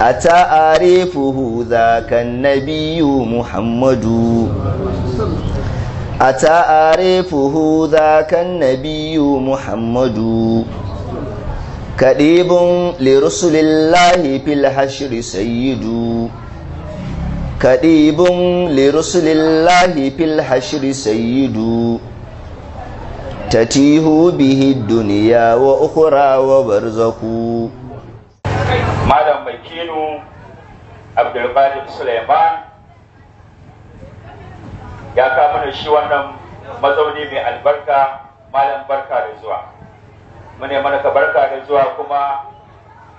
أتعرفه ذاك النبي محمد أتعرفه ذاك النبي محمد كريب لرسل الله في الحشر سيد كريب لرسل الله في الحشر سيد تتيه به الدنيا وأخرى وبرزقوا abdul malik suleiman ya kama da shi wannan mazauni mai albarka malam barka da zuwa mune mana ka barka da zuwa kuma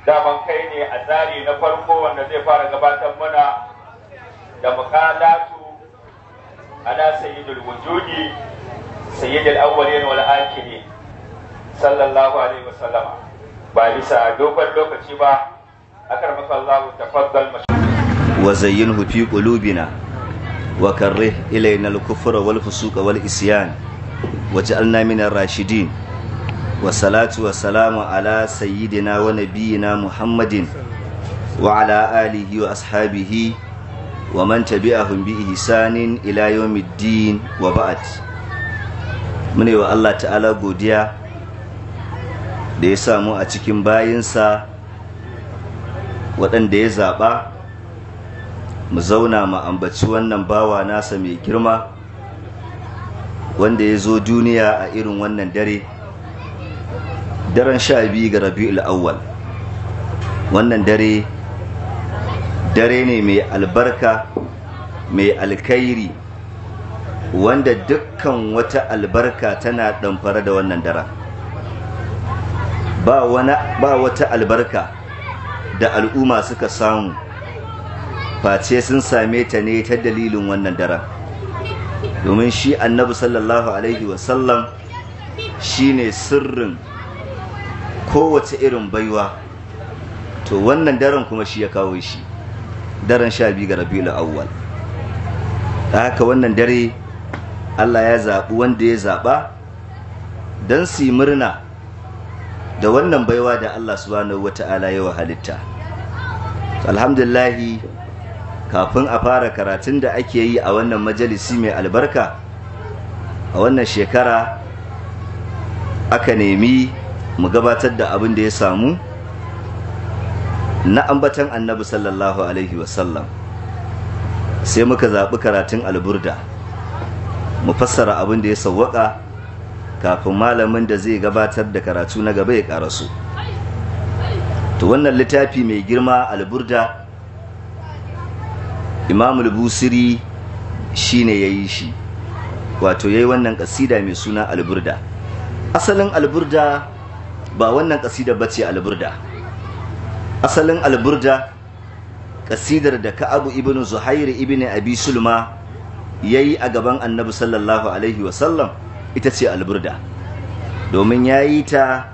daman kai ne a tsari na farko wanda zai fara gabatar mana da mukalatu ana sayyidul wujudi sayyidul awwalin wal akhirin sallallahu alaihi wasallama ba bisa dogon lokaci ba Wazayin masa za mu tafaddal mashi wa zayyinhu fi qulubina wa karrih ilayna isyan wa ja'alna min ar-rashidin wa salatu wa salamu ala sayyidina wa nabiyyina muhammadin wa ala alihi wa ashabihi wa man tabi'ahum bi ihsanin ila yawmiddin wa mune wa Allah ta'ala godiya da ya sa mu a cikin bayansa. waɗanda ya zaɓa mu zauna mu ambaci wannan bawa nasa mai girma wanda ya zo duniya a irin wannan dare daren sha biyu ga rabi'ul awwal wannan dare dare ne mai albarka mai alkairi wanda dukkan wata albarka tana ɗamfara da wannan daren ba wata albarka da al'umma suka samu face sun same ta ne ta dalilin wannan daren domin shi annabi sallallahu alaihi wasallam shi ne sirrin kowace irin baiwa to wannan daren kuma shi ya kawo shi daren sha biyu ga rabiul awwal da haka wannan dare Allah ya zaɓi wanda ya zaɓa don su yi murna da wannan baiwa da Allah subhanahu wata'ala ya halitta alhamdulillahi kafin a fara karatun da ake yi a wannan majalisi mai albarka a wannan shekara aka nemi mu gabatar da abin da ya samu na ambatan annabi sallallahu alaihi wasallam sai muka zaɓi karatun alburda mu fassara abin da ya sauwaƙa. kafin malamin da zai gabatar da karatu na gaba ya karasu to wannan littafi mai girma alburda imam shi busiri shine yi shi wato ya yi wannan kasida mai suna alburda asalin alburda ba wannan kasida ce alburda asalin alburda kasidar da ka'abu Ibn zuhair Ibn abi sulma yi a gaban annabi sallallahu alaihi wasallam ita ce alburda domin ya yi ta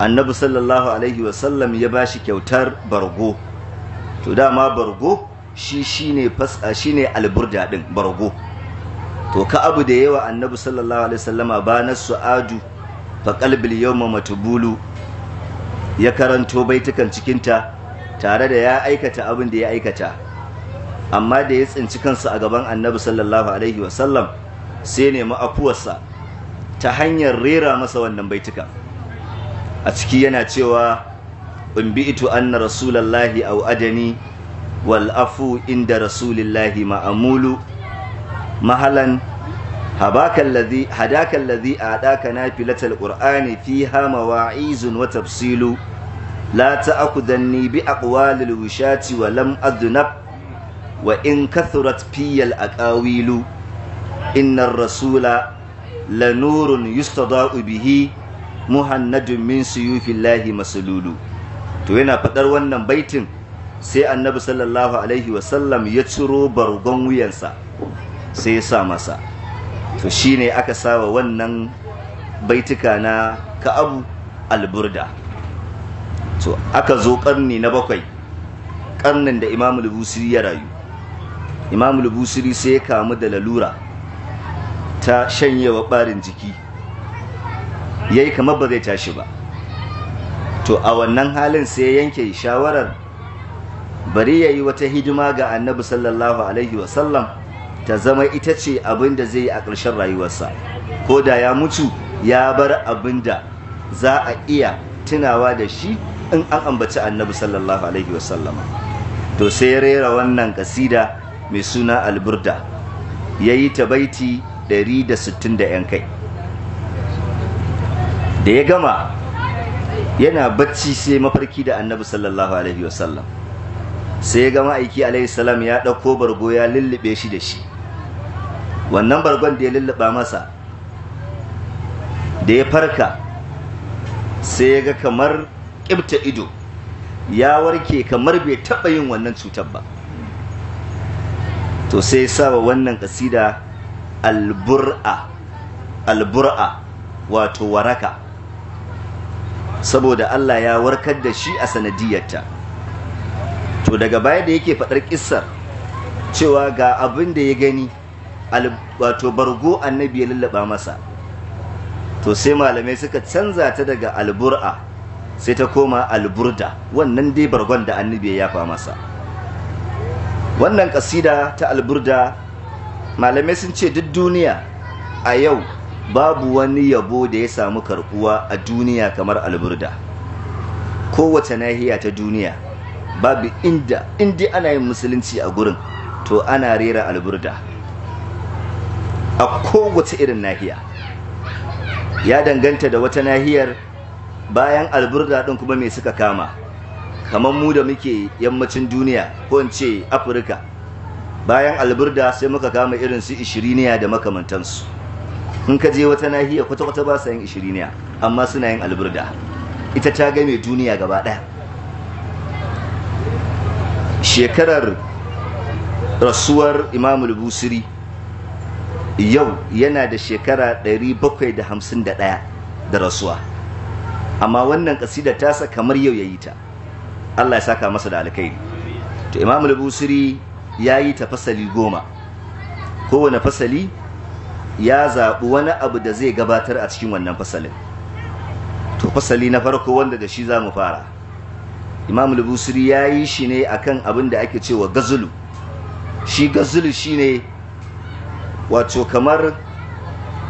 annabi sallallahu alaihi wasallam ya ba shi kyautar bargo to dama bargo shi shine fasa shine alburda din bargo to ka abu da yawa annabi sallallahu alaihi wasallama ba na su'adu fa qalbil yawma matubulu ya karanto baitukan cikinta tare da ya aikata abin da ya aikata amma da ya tsinci kansa a gaban annabi sallallahu alaihi wasallam sai nemi afuwarsa ta hanyar rera masa wannan baituka a ciki yana cewa in bi'tu anna rasulallahi aw adani wal afu inda rasulillahi ma'amulu mahalan Hadakan alladhi hadaka alladhi adaka nafilatal qur'ani fiha mawa'izun wa tafsilu la ta'khudanni bi aqwalil wushati wa lam adnab wa in kathurat fiyal aqawilu innar rasula la nurun yustada'u bihi muhannadun min suyufillahi masalulu to yana fadar wannan baitin sai annabi sallallahu alaihi wasallam ya ciro bargon wuyansa sai ya sa masa to shine aka sawa wannan baituka na ka'abu alburda to aka zo karni na bakwai karnin da imamul busiri ya rayu imamul busiri sai ya kamu da lalura ta shanyewa ɓarin jiki ya yi kamar ba zai tashi ba to a wannan halin sai yanke shawarar bari ya yi wata hidima ga annabi sallallahu alaihi wasallam ta zama ita ce abin da zai yi a ƙarshen rayuwarsa ko da ya mutu ya bar abin da za a iya tunawa da shi in an ambaci annabi sallallahu alaihi wasallam to sai ya rera wannan kasida mai suna alburda ya yi ta baiti 160 da yan kai da ya gama yana bacci sai mafarki da annabi sallallahu alaihi wasallam sai ya gama aiki alaihi salam ya ɗauko bargo ya lullube shi da shi wannan bargon da ya lulluba masa da ya farka sai ya ga kamar ƙibta ido ya warke kamar bai taɓa yin wannan cutar ba to sai ya sa wa wannan ƙasida albur'a wato waraka saboda Allah ya warkar da shi a sanadiyarta to daga baya da yake faɗar kissar cewa ga abin da ya gani wato bargo annabi ya lullaba masa to sai malamai suka canza ta daga albur'a sai ta koma alburda wannan dai bargon da annabi ya yafa masa wannan kasida ta alburda malamai sun ce duk duniya a yau babu wani yabo da ya samu karbuwa a duniya kamar alburda kowace nahiya ta duniya babu inda indi ana yin musulunci a gurin to ana rera alburda a kowace irin nahiya ya danganta da wata nahiyar bayan alburda ɗin kuma mai suka kama kamar mu da muke yammacin duniya ko in ce afirka bayan alburda sai muka kama irin su ishiriniya da makamantansu in ka je wata nahiya kwata-kwata ba sa yin ishiriniya amma suna yin alburda ita ta game duniya gaba ɗaya shekarar rasuwar imamu busiri yau yana da shekara 751 da rasuwa amma wannan kasida tasa kamar yau ya yi ta Allah ya saka masa da alkhairi to imamu busiri ya yi ta fasali goma kowane fasali ya zaɓi wani abu da zai gabatar a cikin wannan fasalin to fasali na farko wanda da shi za mu fara imam lubusiri ya yi shi ne akan abin da ake cewa gazulu shi gazulu shi ne wato kamar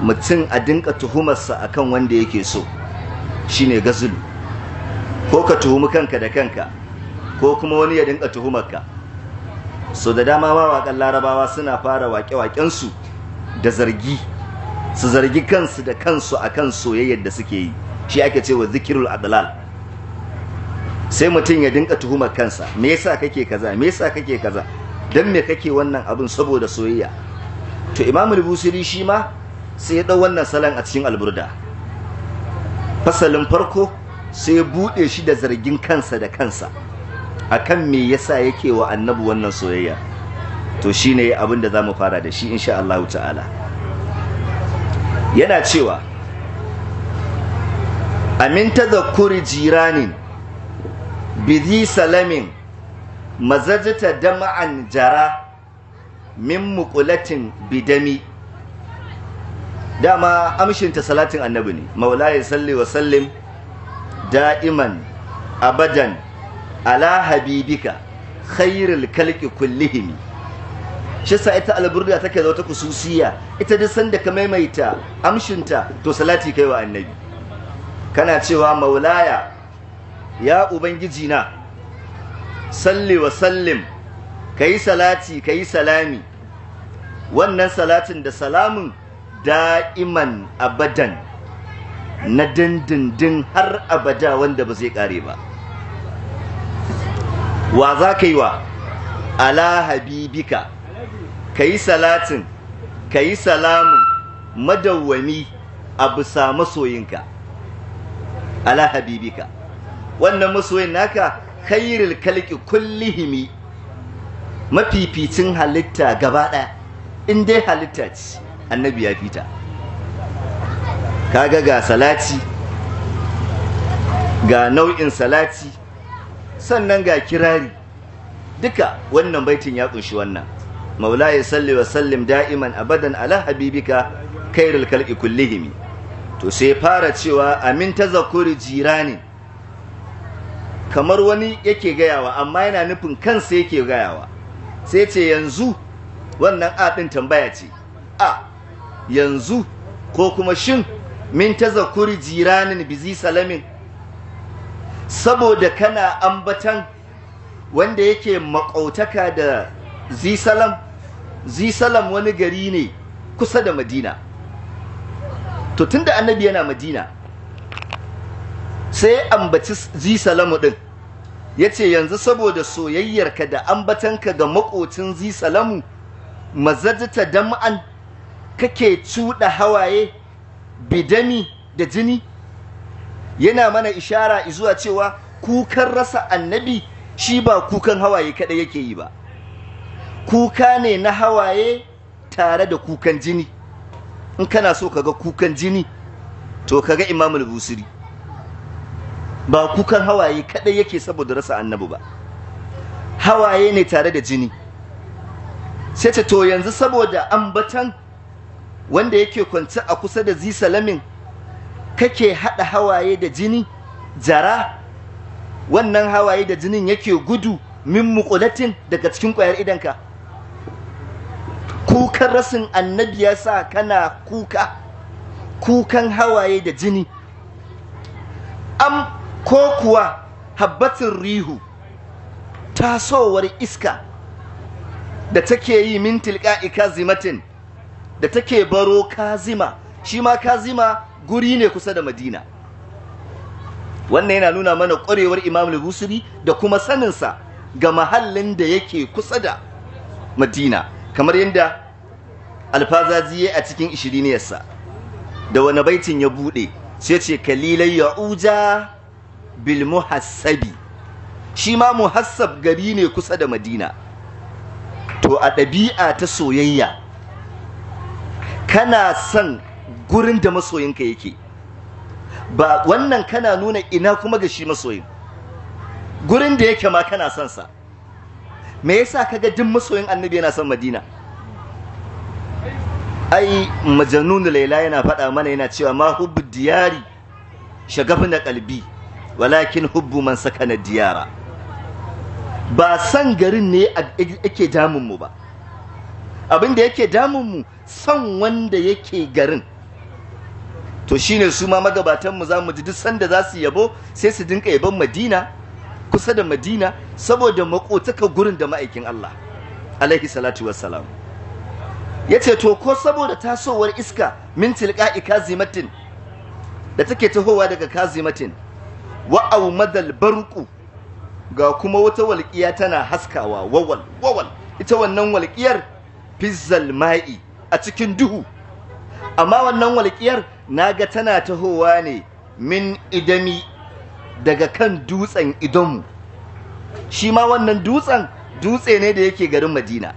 mutum a dinka tuhumarsa akan wanda yake so shi ne gazulu ko ka tuhumi kanka da kanka ko kuma wani ya dinka tuhumarka so da dama mawaƙan larabawa suna fara waƙe-waƙensu da zargi su zargi kansu da kansu a kan soyayyar da suke yi shi ake cewa zikirul adlal sai mutum ya dinka tuhumar kansa me yasa kake kaza me yasa kake kaza dan me kake wannan abin saboda soyayya to imamu al-busiri shi ma sai ya dau wannan salan a cikin alburda fasalin farko sai ya bude shi da zargin kansa da kansa akan me yasa yake wa annabi wannan soyayya to shine abin da zamu fara da shi insha Allah ta'ala yana cewa amin tadhakkuri jiranin zi salamin Mazajata, dama'an jara min muqulatin bidami dama amshin ta salatin annabi ne ya salli wa sallim da'iman abadan ala habibika khairul kalki kullihim shi sa ita alburda take da ta kususiya ita duk sanda ka maimaita amshinta to salati kai wa annabi kana cewa maulaya ya ubangiji na salli wa sallim kai salati kai salami wannan salatin da salamin da'iman abadan na dindindin har abada wanda ba zai kare ba wa za ka yi wa ala habibika ka yi salatin ka yi salamun madawwami a bisa masoyinka ala habibika wannan masoyin naka khairul kalki kullihimi mafificin halitta gaba ɗaya in dai halitta ce annabi ya fita kaga ga salati ga nau'in salati sannan ga kirari duka wannan baitin ya kunshi wannan maula ya salli wa sallim da'iman abadan ala habibika kairul kalki kullihimi to sai fara cewa amin tazakuri jirani kamar wani yake gayawa amma yana nufin kansa yake gayawa sai ce yanzu wannan a din tambaya ce a yanzu ko kuma shin min tazakuri jiranin bizi salamin saboda kana ambatan wanda yake makautaka da zisalam zisalam wani gari ne kusa da madina to tunda annabi yana madina sai ambaci zisalamu din ya ce yanzu saboda soyayyarka da ambatanka ga makocin zisalamu mazajita dam'an kake cuɗa hawaye bidami da jini yana mana ishara zuwa cewa kukan rasa annabi shi ba kukan hawaye kada yake yi ba kuka ne na hawaye tare da kukan jini in kana so kaga kukan jini to kaga imamul busiri ba kukan hawaye kadai yake saboda rasa annabi ba hawaye ne tare da jini sai ce to yanzu saboda ambatan wanda yake kwance a kusa da zisalamin kake haɗa hawaye da jini jara wannan hawaye da jinin yake gudu min muƙulatin daga cikin ƙwayar idanka kukan rasin annabi ya sa kana kuka kukan hawaye da jini am ko kuwa habbatin rihu tasowar iska da take yi min tilka'ika kazimatin da take baro kazima shi ma kazima guri ne kusa da madina wannan yana nuna mana ƙwarewar imam al-busiri da kuma saninsa ga mahallin da yake kusa da madina kamar yadda alfazazi ya a cikin ishiriniyarsa da wani baitin ya buɗe sai ce kalilai ya'uja bil muhassabi shi ma muhassab gari ne kusa da madina to a ɗabi'a ta soyayya kana son gurin da masoyinka yake ba wannan kana nuna ina kuma ga shi masoyin gurin da yake ma kana son sa me yasa kaga duk masoyin annabi yana son madina ai majanunu laila yana faɗa mana yana cewa ma hubbu diyari shagafin da kalbi walakin hubbu man sakana diyara ba san garin ne yake damun mu ba abin da yake damun mu san wanda yake garin to shine su ma magabatan mu zamu ji duk sanda za su yabo sai su dinka yabon Madina kusa da Madina saboda makotaka gurin da ma'aikin Allah alaihi salatu wassalam yace to ko saboda tasowar iska min tilqa'i kazimatin da take tahowa daga kazimatin wa aw madal barqu ga kuma wata walƙiya tana haskawa wawal wawal ita wannan walƙiyar fizzal ma'i a cikin duhu amma wannan walƙiyar naga tana tahowa ne min idami daga kan dutsen idonmu shi ma wannan dutsen dutse ne da yake garin madina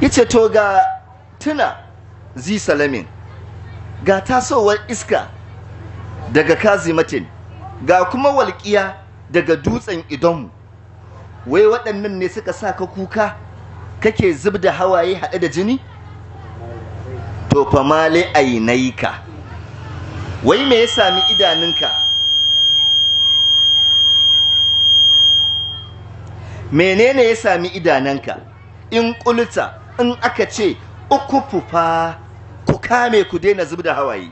yace to ga tuna zi salamin ga tasowar iska daga kazimatin ga kuma walƙiya daga dutsen idonmu wai waɗannan ne suka sa ka kuka kake zub da hawaye haɗe da jini to fa mali ainaika wai me ya sami idanunka menene ya sami idananka in kulta in aka ce uku fufa ku kame ku daina zub da hawaye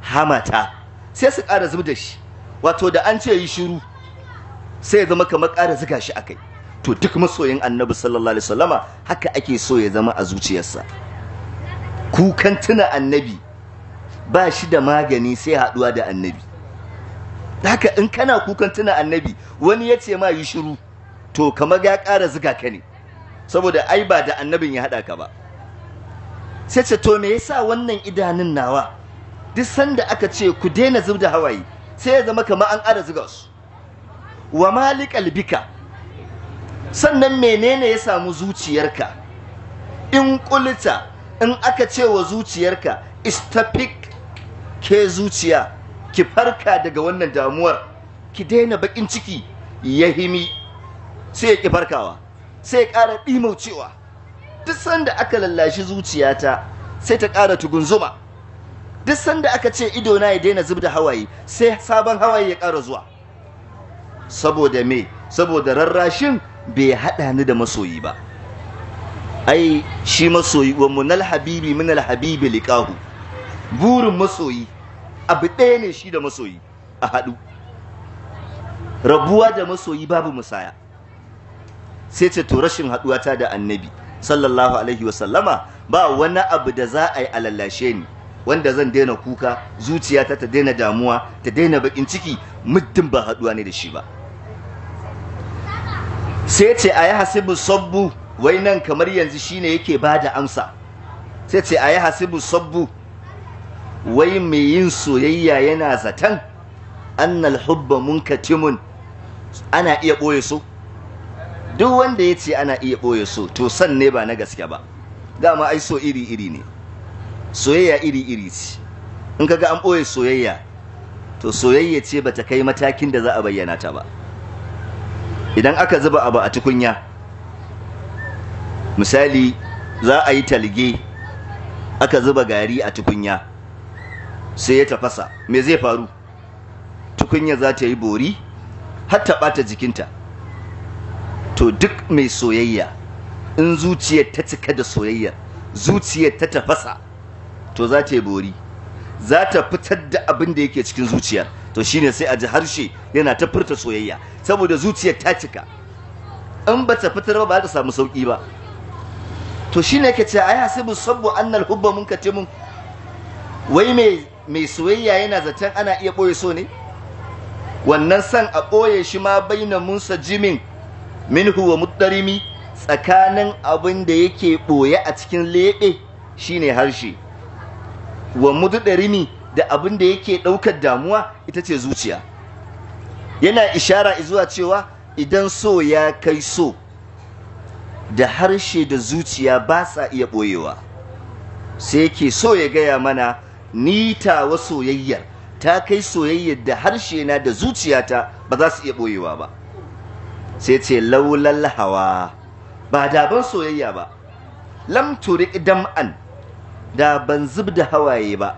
hamata sai su ƙara zub da shi wato da an ce yi shiru sai ya zama kamar ƙara zuga shi akai to duk masoyin annabi sallallahu alaihi wasallama haka ake so ya zama a zuciyarsa kukan tuna annabi ba shi da magani sai haɗuwa da annabi haka in kana kukan tuna annabi wani ya ce ma yi shiru to kamar ya ƙara zuga ka ne saboda ai ba da annabin ya haɗa ka ba sai ce to me yasa wannan idanun nawa duk sanda aka ce ku daina zub da hawaye sai ya zama kamar an ƙara zuga su wa malik albika sannan menene ya samu zuciyarka in kulta in aka ce wa zuciyarka istafik ke zuciya ki farka daga wannan damuwar ki daina bakin ciki ya himi sai ya ki farkawa sai ya ƙara ɗimaucewa duk sanda aka lallashi zuciyata sai ta ƙara tugunzuma duk sanda aka ce idona ya daina zub da hawaye sai sabon hawaye ya ƙara zuwa saboda me saboda rarrashin bai haɗa ni da masoyi ba ai shi masoyi wa munal habibi minal habibi liqahu burin masoyi abu ɗaya ne shi da masoyi a haɗu rabuwa da masoyi babu musaya sai ce to rashin haɗuwa ta da annabi sallallahu alaihi wasallama ba wani abu da za a yi alallashe ni wanda zan daina kuka zuciyata ta daina damuwa ta daina baƙin ciki muddin ba haɗuwa ne da shi ba sai ce a yi hasibu sabbu wai nan kamar yanzu shine yake ba da amsa sai ce a yi hasibu sabbu wai mai yin soyayya yana zaton annal hubba munkatimun ana iya ɓoye so duk wanda ya ce ana iya ɓoye so to san ne ba na gaske ba dama ai so iri-iri ne soyayya iri-iri ce in kaga an ɓoye soyayya to soyayya ce bata kai matakin da za a bayyana ta ba idan aka zuba abu a tukunya misali za a yi talge aka zuba gari a tukunya sai ya tafasa me zai faru tukunya za ta yi bori har bata jikinta to duk mai soyayya in zuciyar ta cika da soyayya zuciyar ta tafasa to za ta yi bori za ta fitar da abin da yake cikin zuciyar to shine sai a ji harshe yana ta furta soyayya saboda zuciyar ta cika in ba ta fitar ba ba za ta samu sauki ba to shine ka ce ai hasibu sabbu annal hubba mun? wai mai mai soyayya yana zaton ana iya ɓoye so ne wannan san a ɓoye shi ma baina munsa jimin minhu wa muttarimi tsakanin abin da yake ɓoye a cikin leɓe shine harshe wa muttarimi da abin da yake ɗaukar damuwa ita ce zuciya yana ishara zuwa cewa idan so ya kai so da harshe da zuciya ba sa iya ɓoyewa sai ke so ya gaya mana ni tawa soyayyar ta kai soyayyar da harshe na da zuciyata ba za su iya ɓoyewa ba sai ce laulal hawa ba da ban soyayya ba lam Idam dam'an da ban zub da hawaye ba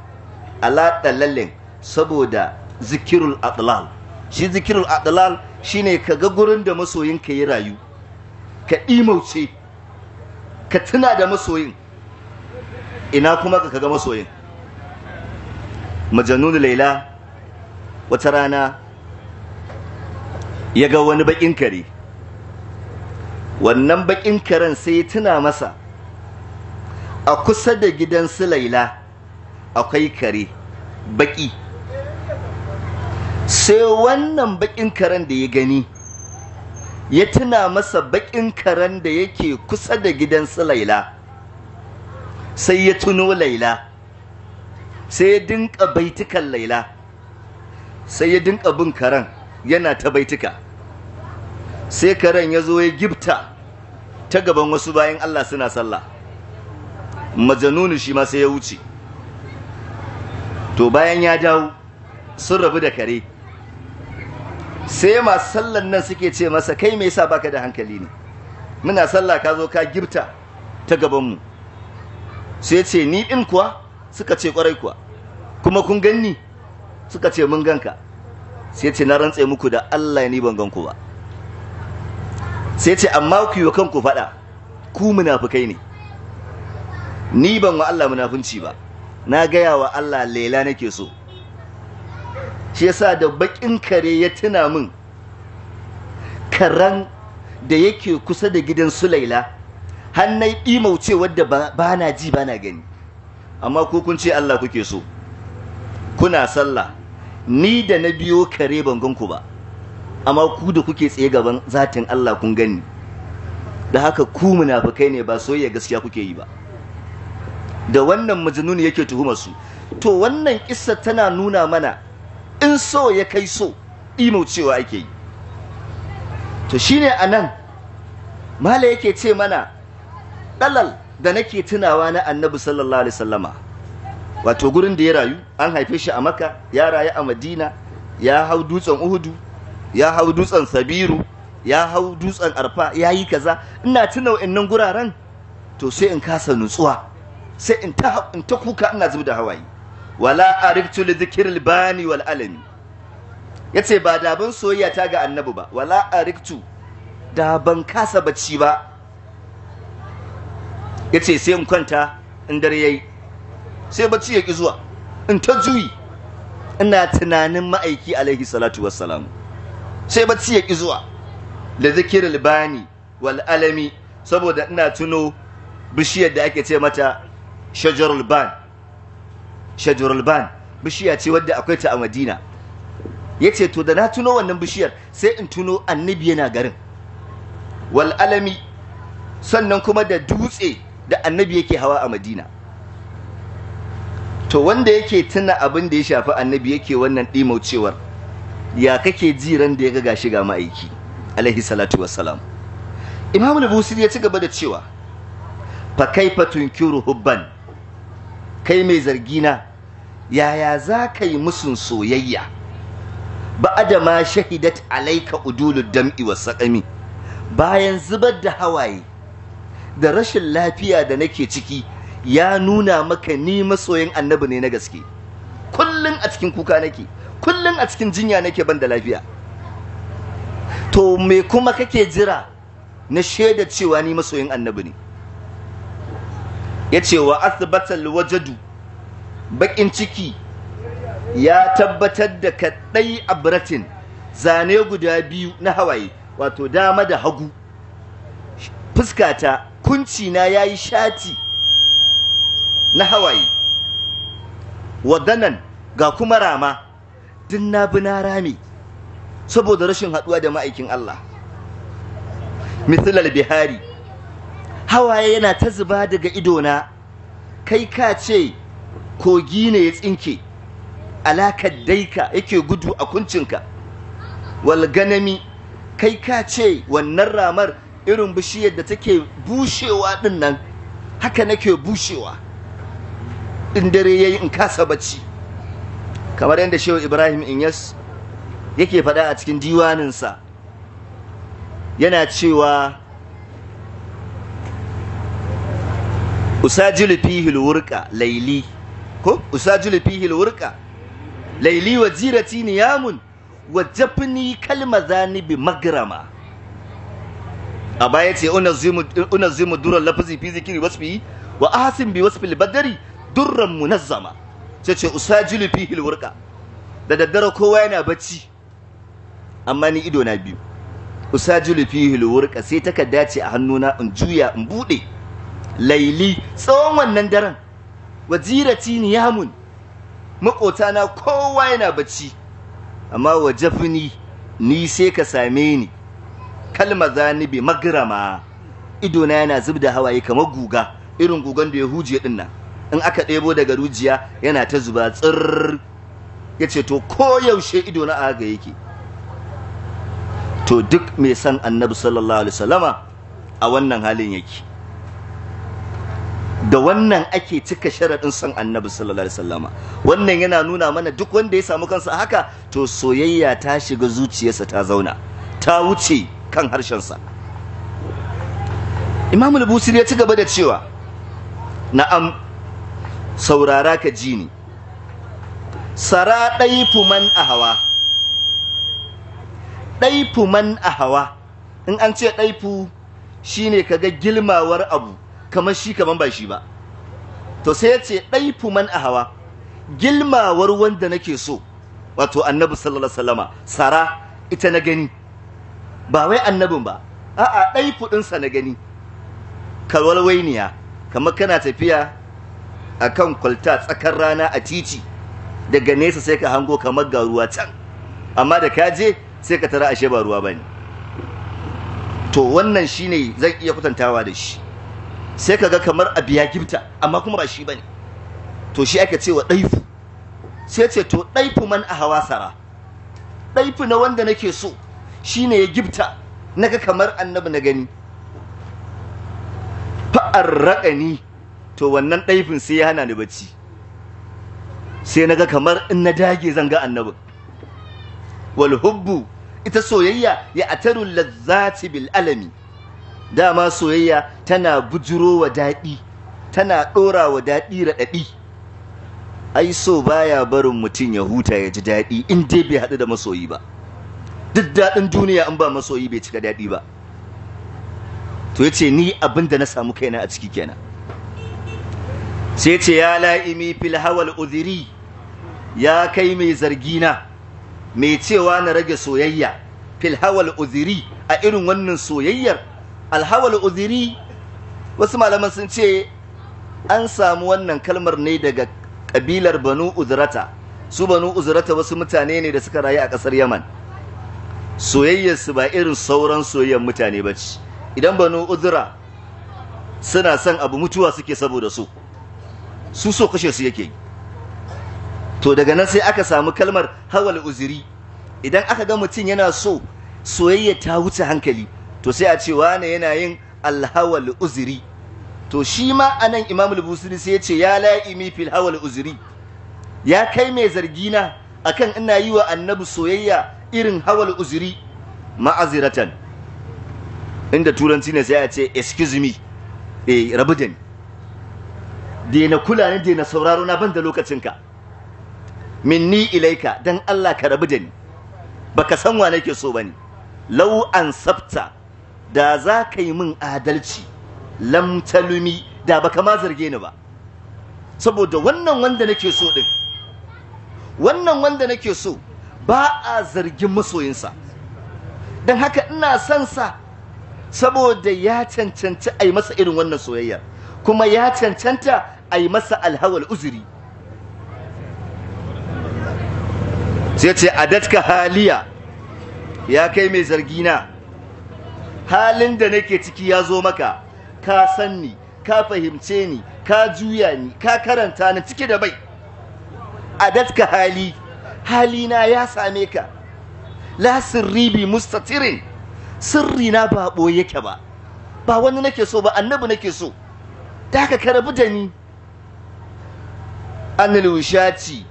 ala dalalin saboda zikirul adlal shi zikirul adlal shine kaga gurin da masoyinka ya rayu ka imauce ka tuna da masoyin ina kuma ka kaga masoyin majanunu laila wata rana ya ga wani bakin kare wannan bakin karen sai ya tuna masa a kusa da gidan su laila akwai kare baki sai wannan bakin karen da ya gani ya tuna masa baƙin karen da yake kusa da gidansu laila sai ya tuno laila sai ya dinka baitukan laila sai ya dinka bin karen yana ta baituka sai karen ya zo ya gifta ta gaban wasu bayan allah suna sallah majanunu shi ma sai ya wuce to bayan ya dawo sun rabu da kare sai masu sallan nan suke ce masa kai me yasa baka da hankali ne muna sallah ka zo ka girta ta gabanmu. sai ce ni din kuwa suka ce kwarai kuwa kuma kun ganni suka ce mun ganka sai ce na rantse muku da Allah ni ban ganku ba sai ce amma ku yi kanku fada ku munafukai ne ni ban wa Allah munafunci ba na gaya wa Allah lela nake so shi yasa da bakin kare ya tuna min karan da yake kusa da gidan sulaila hannai ɗimauce wadda ba na ji ba na gani amma ko kun ce Allah kuke so kuna sallah ni da na biyo kare ban ku ba amma ku da kuke tsaye gaban zatin Allah kun gani da haka ku munafukai ne ba soyayya gaskiya kuke yi ba da wannan majnun yake tuhumar su to wannan kissa tana nuna mana in so ya kai so imo cewa ake yi to shine anan mala yake ce mana dalal da nake tunawa na annabi sallallahu alaihi sallama wato gurin da ya rayu an haife shi a maka, ya rayu a madina ya hau dutsen uhudu ya hau dutsen sabiru ya hau dutsen arfa ya yi kaza ina tuna wa'annan guraren to sai in kasa nutsuwa sai in ta kuka ina zuba da hawaye wala ariftu li zikiril bani wal alami ce ba da ban soyayya ta ga annabi ba wala a ariftu da ban kasa bacci ba Ya ce sai in kwanta in dare ya yi. sai bacci ya ki zuwa in ta juyi ina tunanin ma'aiki alaihi salatu wassalam sai bacci ya ki zuwa da zikiril bani wal alami saboda ina tuno bishiyar da ake ce mata shajarul ban shajarul bishiya ce wadda akwai ta a madina ya ce to da na tuno wannan bishiyar sai in tuno annabi yana garin wal alami sannan kuma da dutse da annabi yake hawa a madina to wanda yake tuna abin da ya shafi annabi yake wannan ɗimaucewar ya kake jiran da ya ga gashi ga ma'aiki alaihi salatu wassalam imam al-busiri ya ci gaba da cewa fa kaifa tunkiru hubban kai mai zargina yaya za ka yi musun soyayya da ma shahidat alaika udulul dam'i wa saqami bayan zubar da hawaye da rashin lafiya da nake ciki ya nuna maka ni masoyin annabi ne na gaske kullun a cikin kuka nake kullun a cikin jinya nake banda da lafiya to me kuma kake jira na shaida cewa ni masoyin annabi ne yace wa athbata wajadu Bakin ciki ya tabbatar da kaɗai a biratin zane guda biyu na hawaye wato dama da hagu fuskata kuncina ya yi shati na hawaye Waɗannan, ga kuma rama din na bi na rame saboda rashin haɗuwa da ma'aikin Allah misalar bihari hawaye yana ta zuba daga idona kai ka ce kogi ne ya tsinke alakar daika yake gudu a kuncinka wal ganami kai ka ce wannan ramar irin bishiyar da take bushewa din nan haka nake bushewa in dare yayi in kasa bacci kamar yadda shehu ibrahim inyas yake faɗa a cikin diwaninsa yana cewa usajilu fihi wurka laili ko usajul fihi alwurqa laili wa jirati niyamun wa jafni kalmazani bi magrama a baya ce unazimu duran lafazi fi zikiri wasfi wa ahsin bi wasfi albadri durran munazzama sai ce usajulu fihi alwurqa da daddare kowa yana bacci amma ni ido na biyu usajulu fihi alwurqa sai takarda ce a hannuna in juya in bude laili tsawon wannan daren wazirati niyamun makotana kowa yana bacci amma wajafni ni sai ka same ni kalma zanibi magrama idona yana zub da hawaye kamar guga irin gugan da ya huje din nan in aka ɗebo daga rujiya yana ta zuba ya ce to ko yaushe idona a ga yake to duk mai san annabi sallallahu alaihi wasallama a wannan halin yake da wannan ake cika sharaɗin san annabi sallallahu alaihi wasallama wannan yana nuna mana duk wanda ya samu kansa haka to soyayya ta shiga zuciyarsa ta zauna ta wuce kan harshensa imam al-busir ya ci gaba da cewa na'am saurara ka ji ni sara ɗaifu man a hawa ɗaifu man a hawa in an ce ɗaifu shine kaga girmawar abu kamar shi kamar ba shi ba to sai ya ce ɗaifu man a hawa gilmawar wanda nake so wato annabi sallallahu salama, sara ita na gani ba wai annabin ba a'a ɗaifu ɗinsa na gani Wainiya, kamar kana tafiya a kan kwalta tsakar rana a titi daga nesa sai ka hango kamar ga ruwa can amma da ka je sai ka tara ashe ba ruwa ba ne to wannan shine zan iya kwatantawa da shi sai ka ga kamar a biya gifta amma kuma ba shi ba ne, to shi aka ce wa ɗaifu sai ce to ɗaifu man a hawa sara ɗaifu na wanda nake so shi ne ya gifta ga kamar annabi na gani Fa'ar raƙani to wannan ɗaifin sai ya hana ni bacci sai na ga kamar in na dage zan ga annabin wal hubbu ita soyayya ya ataru lazzati bil alami dama soyayya tana bujuro wa daɗi tana ɗora wa daɗi raɗaɗi ai so baya barin mutum ya huta ya ji daɗi in dai bai haɗu da masoyi ba duk daɗin duniya in ba masoyi bai cika daɗi ba to ya ce ni abin da na samu kaina a ciki kenan sai ce ya la'imi fil hawal uziri ya kai mai zargina mai cewa na rage soyayya fil hawal uziri a irin wannan soyayyar alhawal uziri wasu malaman sun ce an samu wannan kalmar ne daga kabilar banu uzurata su banu uzurata wasu mutane ne da suka rayu a ƙasar yaman soyayyarsu ba irin sauran soyayyar mutane ba ce idan banu uzura suna son abu mutuwa suke saboda su su so kashe su yake to daga nan sai aka samu kalmar hawal uziri idan aka ga mutum yana so soyayya ta wuce hankali to sai a ce wane yana yin alhawal uzuri to shi ma anan imam al-busiri sai ya ce ya la'imi fil hawal uzuri ya kai mai zargina akan ina yi wa annabi soyayya irin hawal uzuri ma'aziratan inda turanci ne sai a ce excuse me eh rabu da ni daina kula ni daina sauraro na ban da lokacinka minni ilaika dan Allah ka rabu da ni baka san wa nake so bane Lau an sabta da za ka yi min adalci lamtalumi talumi da baka ma zarge ni ba saboda wannan wanda nake so din wannan wanda nake so ba a zargin masoyinsa don haka ina son sa saboda ya cancanta a yi masa irin wannan soyayya kuma ya cancanta a yi masa alhawar uzuri sai ce adatka haliya ya kai mai zargina halin da nake ciki ya zo maka ka san ni ka fahimce ni ka juya ni ka karanta ni ciki da bai A adatka hali halina ya same ka la sirri bi mustatirin na ba yake ba ba wani nake so ba annabi nake so da ka karabu da ni annal ushati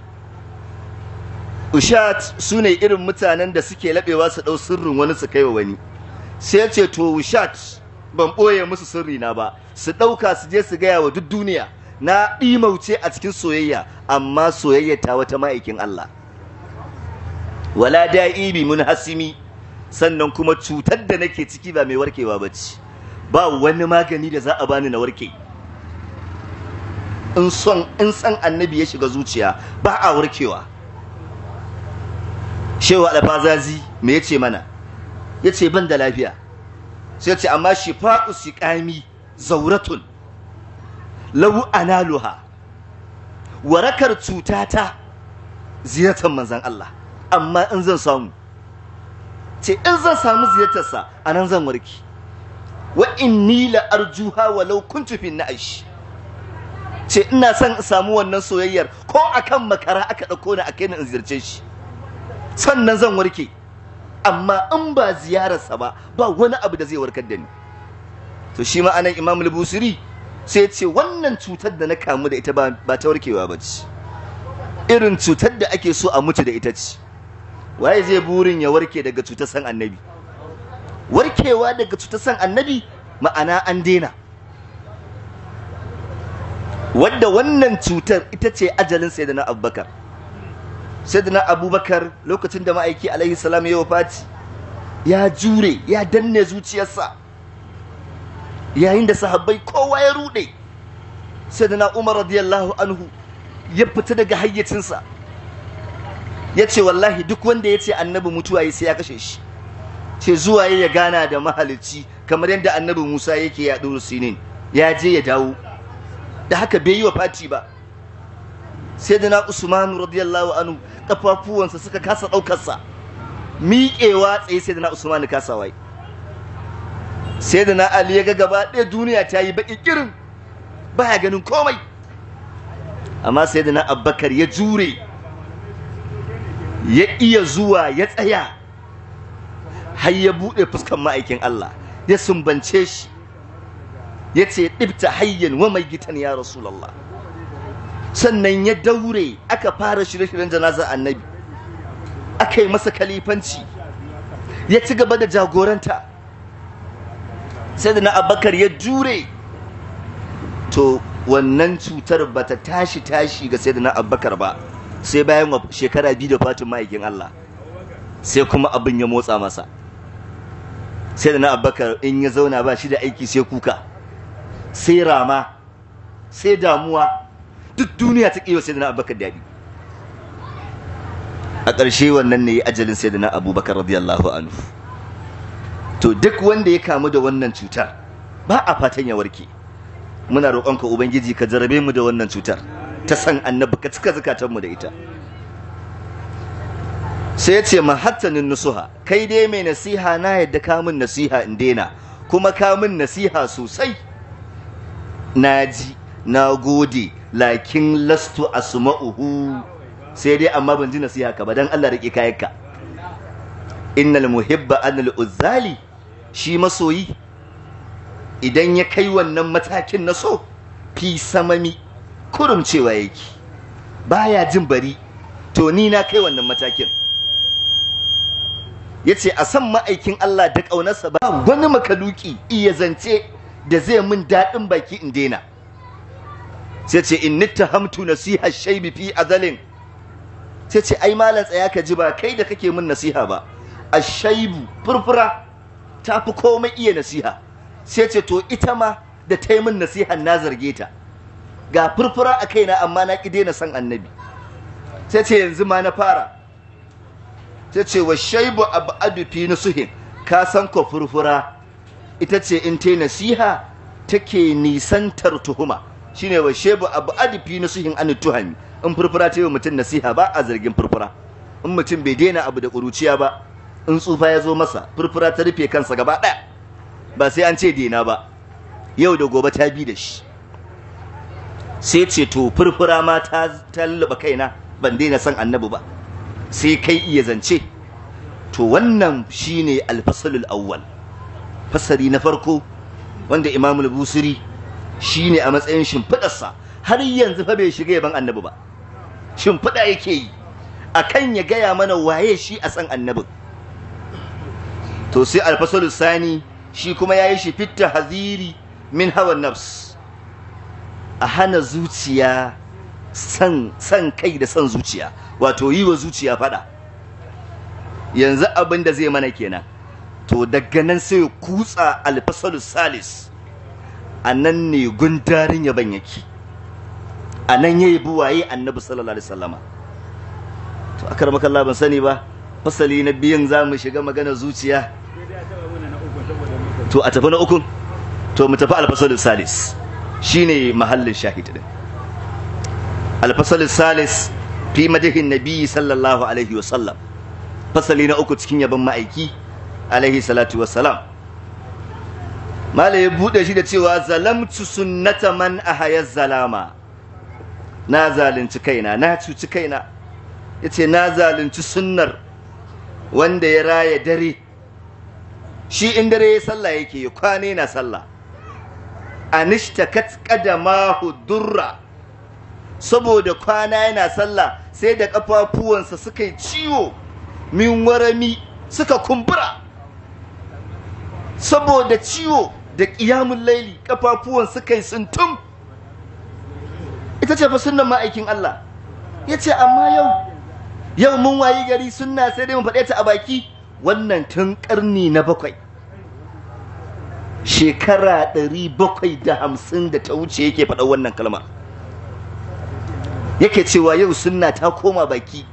ushat su irin mutanen da suke laɓewa su ɗau sirrin wani su kai wa wani sai ce to shat ban ɓoye musu sirri na ba su ɗauka su je su gaya wa duk duniya na ɗimauce a cikin soyayya amma soyayya ta wata ma'aikin Allah wala da'ibi mun hasimi sannan kuma cutar da nake ciki ba mai warkewa ba ce ba wani magani da za a bani na warke in son in san annabi ya shiga zuciya ba a warkewa shewa alfazazi me yace mana ya ce ban da lafiya sai ce amma shi shifa'u siƙami zauratun lau analuha warakar cutata ziyartar manzan Allah amma in zan samu ce in zan samu ziyartarsa a nan zan warki wa inni la arjuha walau tufin na aishi. ce ina son in samu wannan soyayyar ko akan makara aka ɗauko ni a kai ni in ziyarce shi sannan zan warke amma in ba ziyararsa ba ba wani abu da zai warkar da ni to shi ma anan imam al-busiri sai ce wannan cutar da na kamu da ita ba ta warkewa ba ce irin cutar da ake so a mutu da ita ce waye zai burin ya warke daga cutar san annabi warkewa daga cutar san annabi ma'ana an daina wadda wannan cutar ita ce ajalin sayyidina da abubakar sayyidina abubakar lokacin da ma'aiki alaihi salam ya wafati ya jure ya danne zuciyarsa yayin da sahabbai kowa ya rude sayyidina umar radiyallahu anhu ya fita daga hayyacinsa ya ce wallahi duk wanda ya ce annabi mutuwa ya sai ya kashe shi ce zuwa ya gana da mahalicci kamar yadda annabi musa yake ya ɗoro sinin ya je ya dawo da haka bai yi wa fati ba na usman radiyallahu anhu kafafuwansa suka kasa sa miƙewa tsaye wai. usman da na ali ya ga gaba ɗaya duniya ta yi baki kirin baya ganin komai amma na abubakar ya jure ya iya zuwa ya tsaya har ya buɗe fuskan ma'aikin Allah ya sumbance shi ya ce ɗibta hayyan wa mai gitan ya rasulallah sannan ya daure aka fara shirye-shiryen janazar annabi aka yi masa kalifanci ya ci gaba da jagoranta sai da na abakar ya jure to wannan cutar ba ta tashi tashi ga sai da na abakar ba sai bayan shekara biyu da fatin ma'aikin Allah sai kuma abin ya motsa masa sai da na abakar in ya zauna ba shi da aiki sai kuka sai rama sai damuwa duk duniya ta kiyo sayyidina abubakar dabi a ƙarshe wannan ne ajalin sayyidina abubakar radiyallahu anhu to duk wanda ya kamu da wannan cutar ba a fatan ya warke muna roƙonka ubangiji ka jarabe mu da wannan cutar ta san annabi ka cika zakatan mu da ita sai ya ce mahattanin nusuha kai dai mai nasiha na yadda kamun nasiha in daina kuma kamun nasiha sosai na ji na gode lakin lastu asma'uhu sai dai amma ban ji nasiha ka ba dan Allah rike kayanka innal muhibba anil uzzali shi masoyi idan ya kai wannan matakin na so fi samami kurumcewa yake baya jin bari to ni na kai wannan matakin yace a san ma'aikin Allah da ƙaunarsa ba wani makaluki iya zance da zai min daɗin baki in daina sai ce in Hamtu nasiha Shaibi fi azalin sai ce ai malam tsaya ka ji ba kai da kake min nasiha ba ashaibu furfura ta fi komai iya nasiha sai ce to ita ma da ta yi min nasiha na zarge ta ga furfura a kaina amma na ƙi daina san annabi sai ce yanzu ma na fara sai ce wa shaibu abu fi nusuhin ka san ko furfura ita ce in ta nasiha take nisantar tuhuma shine wa shebu abu adifi nusuhin an tuhami in furfura ta yi mutum nasiha ba a zargin furfura in mutum bai daina abu da ƙuruciya ba in tsufa ya zo masa furfura ta rufe kansa gaba ɗaya ba sai an ce daina ba yau da gobe ta bi da shi sai ce to furfura ma ta talluba kaina ban daina san annabi ba sai kai iya zance to wannan shine alfasalul awwal fasari na farko wanda imamul busiri Shi ne a matsayin shimfiɗarsa har yanzu fa bai shiga ban annabi ba shimfiɗa yake yi akan ya gaya mana waye shi a san annabi to sai alfasalul sani shi kuma yayi shi fitta haziri min hawa nafs a hana zuciya san san kai da san zuciya wato yi wa zuciya faɗa. yanzu abinda zai mana kenan to daga nan sai kutsa alfasalul salis a nan ne gundarin ya yake a nan ya yi buwaye annabi sallallahu alaihi wasallama to akar makalla ban sani ba fasali na biyan za mu shiga magana zuciya to a tafi na ukun to mu tafi alfasalin salis shine mahallin shahid din alfasalin salis fi madahin nabi sallallahu alaihi wasallam fasali na uku cikin yaban ma'aiki alaihi salatu wassalam malam ya buɗe shi da cewa zalamtu sunnata man ahaya zalama na zalunci kaina na cuci kaina ce na zalunci sunnar wanda ya raya dare shi in dare ya sallah yake ya kwane na sallah anishtakat ma durra saboda kwana yana sallah sai da ƙafafuwansa suka yi ciwo min warami suka kumbura saboda ciwo da ƙiyamun laili ƙafafuwan suka yi tsintum ita ce fa sunan ma'aikin Allah ya ce amma yau yau mun wayi gari suna sai dai mu faɗe ta a baki wannan tun ƙarni na bakwai shekara ɗari bakwai da hamsin da ta wuce yake faɗa wannan kalma yake cewa yau sunna ta koma baki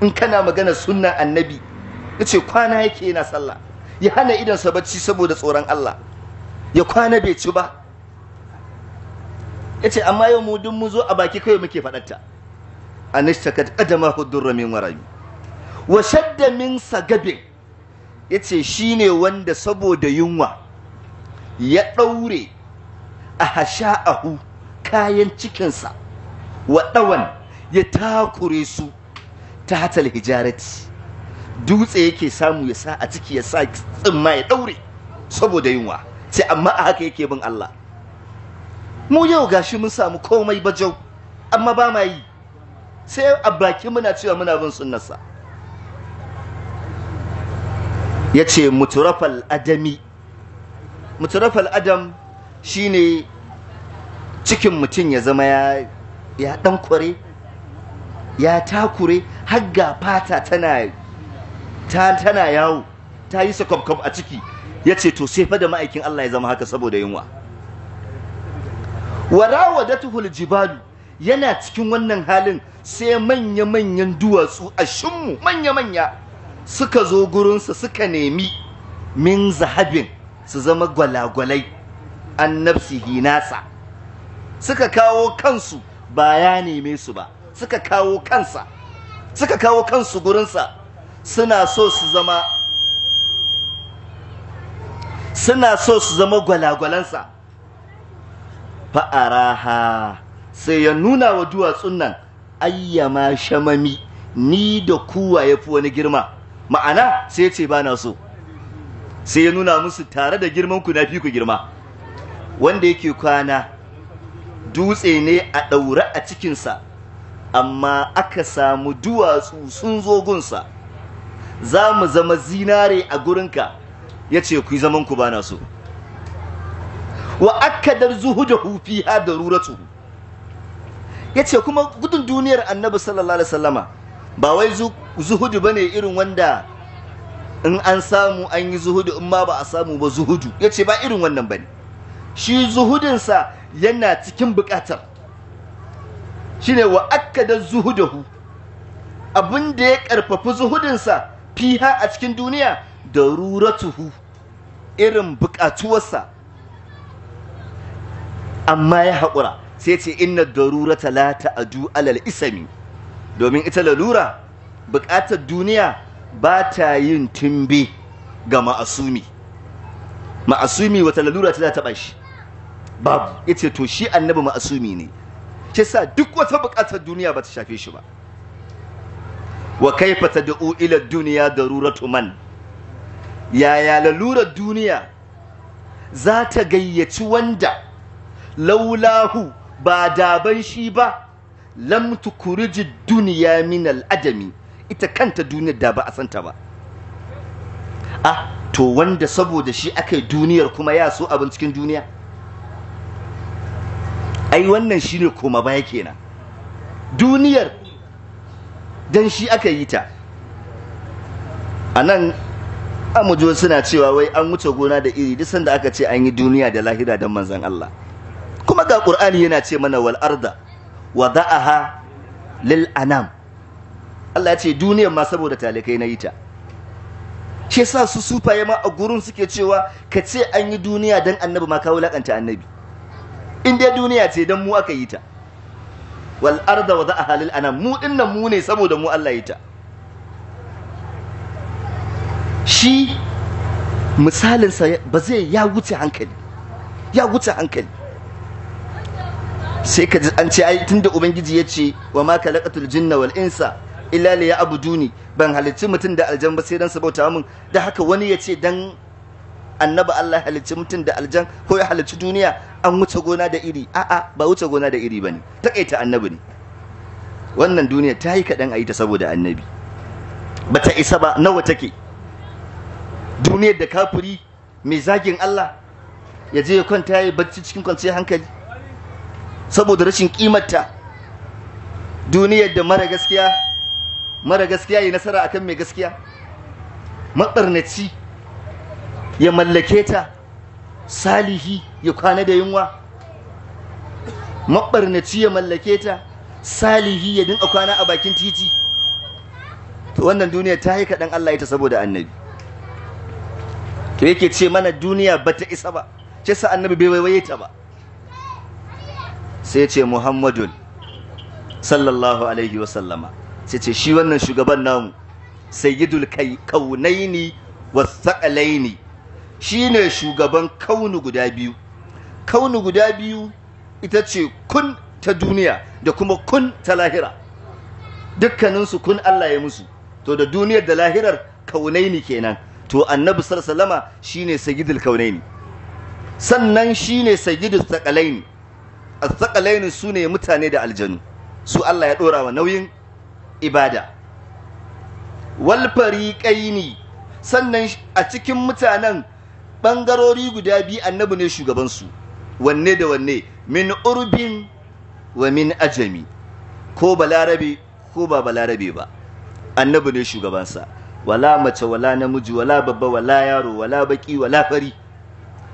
in kana magana sunna annabi ya ce kwana yake yana sallah ya hana idansa bacci saboda tsoron Allah ya kwana bai ci ba yace amma yau mu duk mu zo a baki kai muke fadarta anishtakat adama hudurra min warayu wa shadda min sagabe yace shine wanda saboda yunwa ya daure a hasha'ahu kayan cikinsa wa dawan ya takure su ta hatal hijarati dutse yake samu ya sa a ciki ya sa tsimma ya daure saboda yunwa sai amma a haka yake bin Allah mu yau gashi mun samu komai bajau amma ba ma yi sai a baki muna cewa muna bin sunnarsa ya ce muturafal adami muturafal adam shine cikin mutum ya zama ya ya kware ya takure har ga fata tana ta tana yawo ta yi sa a ciki ya ce to sai fa da ma'aikin Allah ya zama haka saboda yunwa warawadatuhul jibalu yana cikin wannan halin sai manya-manyan duwatsu a shinmu manya-manya suka zo gurinsa suka nemi min zahabin su zama gwalagwalai an nafsihi nasa suka kawo kansu ba ya neme su ba suka kawo kansa suka kawo kansu gurinsa suna so su zama suna so su zama gwalagwalansa fa'araha sai ya nuna wa duwatsun nan ayyama shamami ni da kuwa ya fi wani girma ma'ana sai ya ce ba na so sai ya nuna musu tare da girman ku na fi ku girma wanda yake kwana dutse ne a ɗaure a cikinsa amma aka samu duwatsu sun zo gunsa za mu zama zinare a gurinka ya ce ku yi zamanku ba na so wa da rura fiha Ya ce kuma gudun duniyar annabi sallallahu alaihi sallama ba wai zuhudu bane irin wanda in an samu an yi zuhudu in ma ba a samu ba zuhudu ce ba irin wannan bane shi zuhudinsa sa yana cikin bukatar ne wa da zuhudahu abin da ya karfafi zuhudinsa. sa fiha a cikin duniya da ruratuhu irin buƙatuwarsa amma ya haƙura sai ce inna darura la ta'adu alal isami domin ita lalura buƙatar duniya ba ta yin tumbe ga ma'asumi ma'asumi wata lalura ta ta shi babu ita to shi annabi ma'asumi ne kisa duk wata buƙatar duniya ba ta shafe shi ba wa kaifa tad'u ila duniya daruratu man yaya lalurar duniya za ta gayyaci wanda laulahu ba daban shi ba lamtu kuriji duniya min al'adami ita kanta duniyar da ba a santa ba ah to wanda saboda shi aka yi duniyar kuma ya so abin cikin duniya ai wannan shine koma baya kenan duniyar dan shi aka yi ta a nan amujo suna cewa wai an wuce gona da iri duk sanda aka ce an yi duniya da lahira don manzan Allah kuma ga ƙur'ani yana ce mana wal arda wa da'aha lil anam Allah ya ce duniyar ma saboda talikai na yi ta shi sa su sufaye ma a gurin suke cewa ka ce an yi duniya don annabi ma kawo lakanta annabi in dai duniya ce don mu aka yi ta wal arda wa za'aha lil anam mu dinnan mu ne saboda mu Allah yita, ta shi misalinsa ba zai ya wuce hankali ya wuce hankali sai ka ji an ce ai tunda ubangiji ya ce wa ma kalaqatul jinna wal insa illa li ban halicci mutum da aljan sai dan sabauta mun min da haka wani ya ce dan annabi Allah ya halicci mutum da aljan ko ya halicci duniya an wuce gona da iri a'a ba wuce gona da iri bane takaita annabi ne wannan duniya ta yi kaɗan a yi ta saboda annabi ba ta isa ba nawa take duniyar da kafuri mai zagin Allah ya je ya kwanta ya bacci cikin kwanciyar hankali saboda rashin kimarta duniyar da mara gaskiya mara gaskiya yi nasara akan mai gaskiya matsarnaci ya mallake ta salihi ya kwana da yunwa maɓarnaci ya mallake ta salihi ya dinka kwana a bakin titi to wannan duniya ta yi kaɗan Allah ita saboda annabi to yake ce mana duniya ba ta isa ba ce sa annabi bai waiwaye ta ba sai ce muhammadun sallallahu alaihi wasallama sai ce shi wannan shugaban namu sayyidul kaunaini wasaqalaini shine shugaban kaunu guda biyu kaunu guda biyu ita ce kun ta duniya da kuma kun ta lahira dukkaninsu kun Allah ya musu to da duniyar da lahirar kaunaini kenan to annabi sallama shine sayyidul kaunaini sannan shine sayyidul thaqalaini su sune mutane da aljanu su Allah ya dora wa nauyin ibada wal fariqaini sannan a cikin mutanen ɓangarori guda biyu annabi ne shugabansu wanne da wanne min urbin wa min ajami ko balarabe ko ba balarabe ba annabi ne shugabansa wala mace wala namiji wala babba wala yaro wala baki wala fari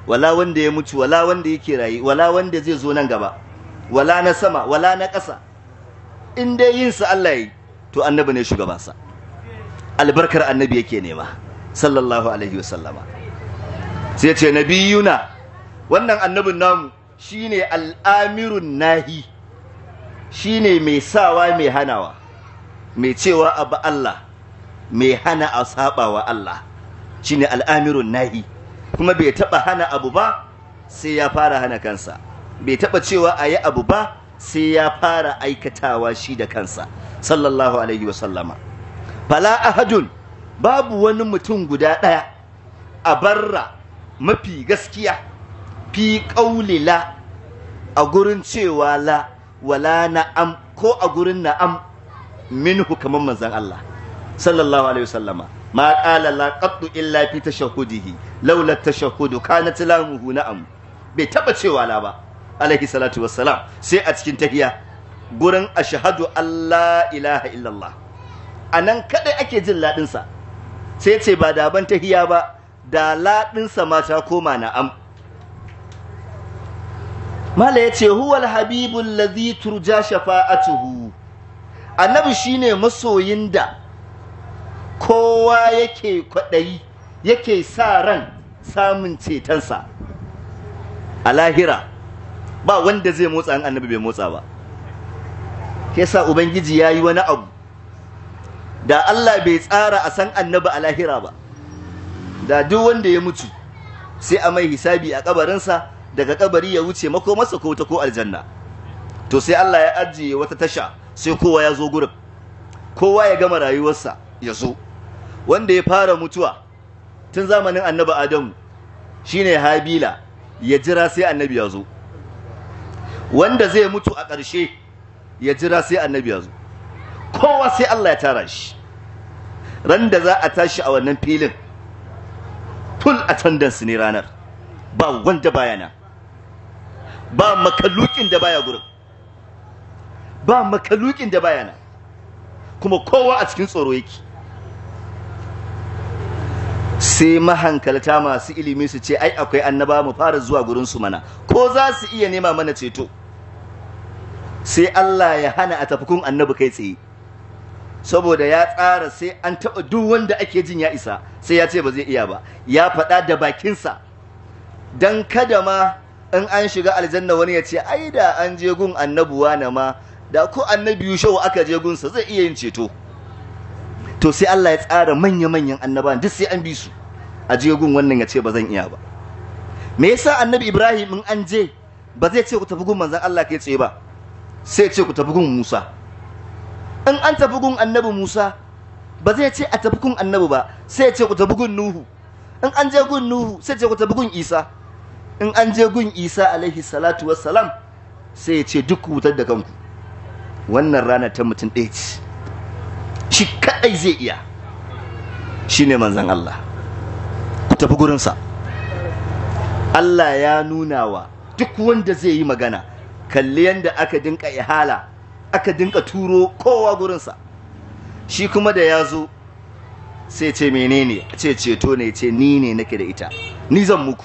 wala wanda ya mutu wala wanda yake raye wala wanda zai zo nan gaba wala na sama wala na ƙasa in dai yin sa Allah yi to annabi ne shugabansa albarkar annabi yake nema sallallahu alaihi wasallama sai ce na biyuna wannan annabin namu ne al'amirun nahi Shi ne mai sawa mai hanawa mai cewa abu Allah mai hana a saba wa Allah ne al'amirun nahi kuma bai taba hana abu ba sai ya fara hana kansa bai taba cewa a yi abu ba sai ya fara aikatawa shi da kansa sallallahu alaihi wa fala ahadun babu wani mutum guda ɗaya a barra mafi gaskiya fi ƙauli la a gurin cewa la wala na'am ko a gurin na'am minhu kamar manzan Allah sallallahu alaihi wasallama ma qala la qattu illa fi tashahhudihi laula tashahhudu kanat lamuhu na'am bai taba cewa la ba alaihi salatu wassalam sai a cikin tahiya gurin ashhadu alla ilaha illallah anan kadai ake jin ladin sa sai ce ba daban tahiya ba da laɗinsa ma ta koma na'am mala ya ce huwal habibun lazi turja shafa'atuhu annabi shi ne masoyin da kowa yake kwaɗayi yake sa ran samun cetonsa a lahira ba wanda zai motsa an annabi bai motsa ba ke sa ubangiji ya yi wani abu da Allah bai tsara a san annabi a lahira ba da duk wanda ya mutu sai a mai hisabi a kabarinsa daga kabari ya wuce masa ko ta ko aljanna to sai Allah ya ajiye wata tasha sai kowa ya zo gurin kowa ya gama rayuwarsa ya zo wanda ya fara mutuwa tun zamanin annabi adamu shine habila ya jira sai annabi ya zo wanda zai mutu a ƙarshe ya jira sai annabi ya zo kowa sai Allah ya tara shi ran da za a tashi a wannan filin full attendance ne ranar ba wanda baya ba makalukin da baya gurin ba makalukin da baya kuma kowa a cikin tsoro yake sai mahankalta masu ilimi su ce ai akwai annaba mu fara zuwa gurin su mana ko za su iya nema mana ceto sai Allah ya hana a tafukun annabi kai tsaye saboda ya tsara sai an taɓa duk wanda ake jin ya isa sai ya ce ba zai iya ba ya faɗa da bakinsa don kada ma in an shiga aljanna wani ya ce ai da an je gun annabuwa na ma da ko annabi yushau aka je gunsa zai iya yin ceto to sai Allah ya tsara manya-manyan annabawan duk sai an bi su a je gun wannan ya ce ba zan iya ba me yasa annabi Ibrahim in an je ba zai ce ku tafi gun manzon Allah kai tsaye ba sai ce ku tafi gun Musa in an tafi gun annabi Musa ba zai ce a tafi gun annabi ba sai ya ce ku tafi gun Nuhu in an je gun Nuhu sai ya ce ku tafi gun Isa in an je gun Isa alaihi salatu wassalam sai ya ce duk wutar da kanku wannan rana ta mutum ɗaya ce shi kaɗai zai iya shi ne manzan Allah ku tafi gurinsa Allah ya nuna wa duk wanda zai yi magana kalli yadda aka dinka ihala aka dinka turo kowa gurinsa shi kuma da ya zo sai ce menene ce ceto ne ce ni ne nake da ita ni zan muku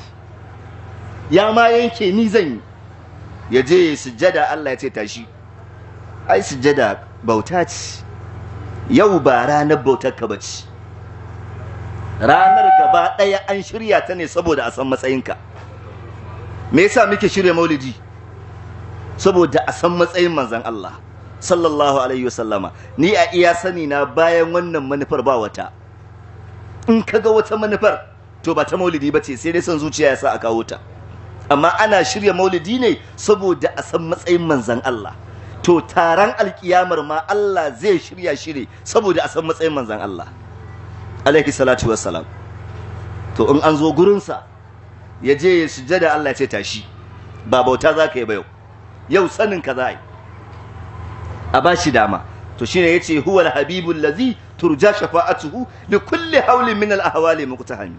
ya ma yanke ni zan yi ya je ya sujjada Allah ya ce tashi ai sujjada bauta ce yau ba ranar bautar ka bace ranar gaba ɗaya an shirya ta ne saboda a san matsayinka me yasa muke shirya maulidi saboda a san matsayin manzon Allah sallallahu alaihi wasallama ni a iya sani na bayan wannan manufar ba wata in kaga wata manufar to ba ta maulidi ba ce sai dai son zuciya ya sa a kawo ta amma ana shirya maulidi ne saboda a san matsayin manzan Allah to taron alkiyamar ma Allah zai shirya shiri saboda a san matsayin manzan Allah alaihi salatu wassalam to in an zo gurinsa ya je ya sujada Allah ya ce tashi ba bauta za ka yi ba yau yau sanin ka za a ba shi dama to shine yace huwa al-habibul ladhi turja shafa'atuhu li kulli hawlin min al-ahwali muqtahami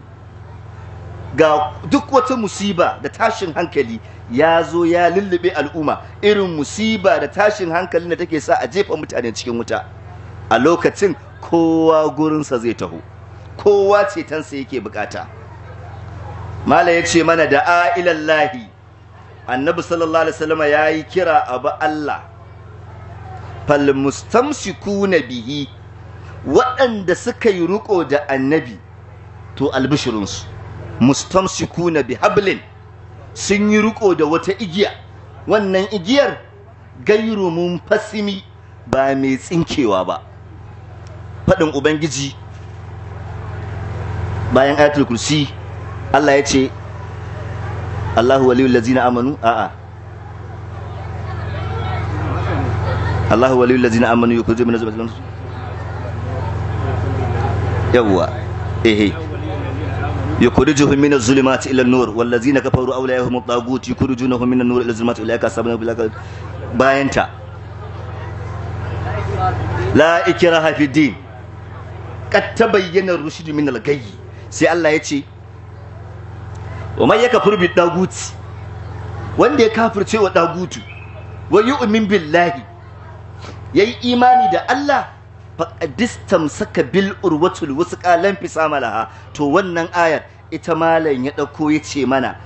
ga duk wata musiba da tashin hankali ya zo ya lullube al'umma irin musiba da tashin hankalin da take sa a jefa mutane cikin wuta a lokacin kowa gurinsa zai taho kowa cetonsa yake bukata mala ya ce mana da a ilallahi annabi sallallahu alaihi wasallam ya yi kira abu Allah falmustamsikuna bihi waɗanda suka yi riko da annabi to albishirinsu mustamsikuna bihablin sun yi riko da wata igiya wannan igiyar gairu mun fasimi ba mai tsinkewa ba faɗin ubangiji bayan ayatul kursi Allah ya ce Allahu waliyul ladzina amanu a'a Allah wa waliyul ladzina amanu yukhrijuhum min zulmatil yawwa ehe. eh, eh. ji hun az zulima ta an-nur wal ladzina kafaru awliyahum at ji na hun an-nur ila az-zulumati ulaika ashabuna bil bayanta la ikraha fi din kad tabayyana ar-rushd min al-ghayy sai Allah yace wa man yakfur bi daguti wanda ya kafirce wa dagutu wa yu'min billahi Ya yi imani da Allah distan saka bil urwatul wasu kalan fisama to wannan ayar ita malam ya ɗauko ya ce mana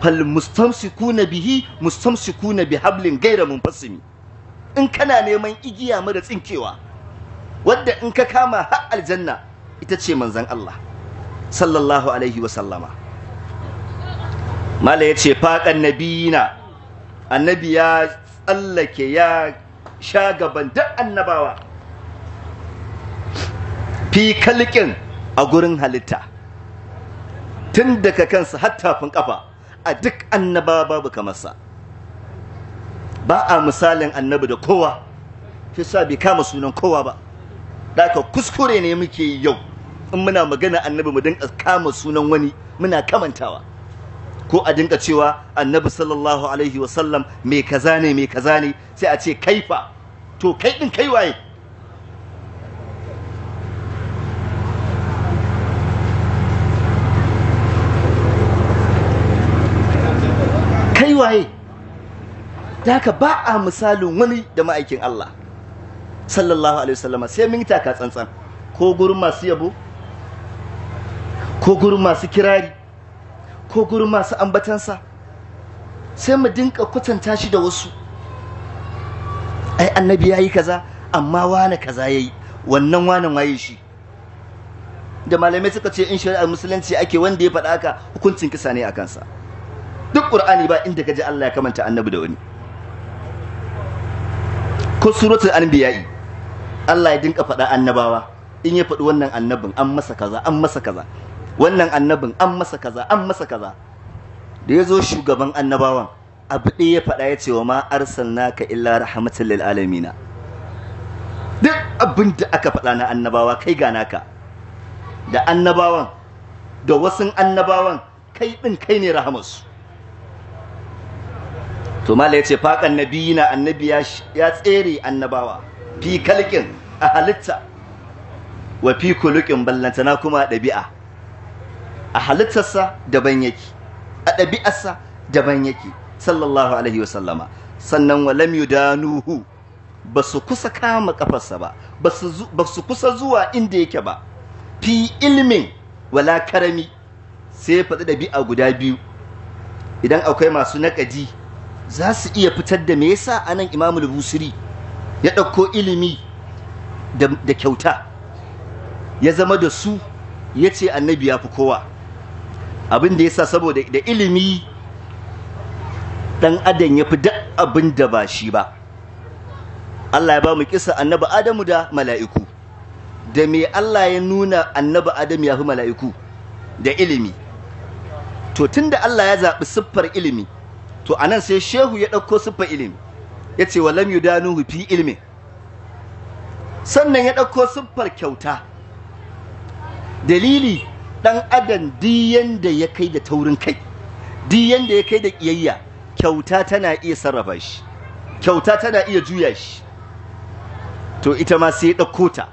fal na bihi bi hablin gaira mun fasimi in kana neman igiya mara tsinkewa wadda in ka kama har aljanna ita ce manzon Allah sallallahu alaihi wa sallama mala yace faƙan nabiyina annabi ya tsallake ya sha gaban duk annabawa fi kalkin a gurin halitta tun daga kansa hattafin kafa a duk annabawa babu kamarsa ba a misalin annabi da kowa fi sa bai kama sunan kowa ba da aka kuskure ne muke yau in muna magana annabi mu dinka kama sunan wani muna kamantawa ko a dinga cewa annabi sallallahu alaihi wasallam mai kaza ne mai kaza ne sai a ce kaifa to kai din kai waye kai waye da haka ba a misalin wani da ma'aikin Allah sallallahu alaihi wasallama sai mun taka tsantsan ko gurin masu yabo ko gurin masu kirari ko gurin masu ambatansa sai mu dinka kwatanta shi da wasu ai annabi ya yi kaza amma wane kaza ya yi wannan wani waye shi da malamai suka ce in shari'ar musulunci ake wanda ya faɗa haka hukuncin kisa ne a kansa duk ƙur'ani ba inda gaji Allah ya kamanta annabi da wani ko suratul anbiya'i Allah ya dinka faɗa annabawa in ya faɗi wannan annabin an masa kaza an masa kaza wannan annabin an masa kaza an masa kaza da ya zo shugaban annabawan abu ɗaya ya faɗa ya ce wa ma naka illa rahmatan lil alamina duk abin da aka faɗa na annabawa kai ga naka da annabawan da wasu annabawan kai ɗin kai ne rahamarsu to mala ya ce faƙan na annabi ya tsere annabawa fi kalkin a halitta wa fi kulukin ballantana kuma ɗabi'a a halittarsa daban yake a ɗabi'arsa daban yake sallallahu alaihi wasallama sannan lam yudanuhu ba su kusa kama kafarsa ba ba su kusa zuwa inda yake ba fi ilmin wala karami sai faɗi ɗabi'a guda biyu idan akwai masu naƙaji za su iya fitar da me yasa anan imamul busiri ya ɗauko ilimi da kyauta ya zama da su yace ce annabi ya fi kowa abin da ya sa saboda da ilimi dan adam ya fi duk abin da ba shi ba Allah ya ba mu kisa annabi Adamu da mala'iku da me Allah ya nuna annabi Adamu ya fi mala'iku da ilimi to tunda Allah ya zabi siffar ilimi to anan sai shehu ya ɗauko siffar ilimi ya ce wa lam yudanuhu fi ilmi sannan ya ɗauko siffar kyauta dalili dan adam diyan da ya kai da taurin kai diyan da ya kai da kiyayya kyauta tana iya sarrafa shi kyauta tana iya juya shi to ita ma sai ɗauko ta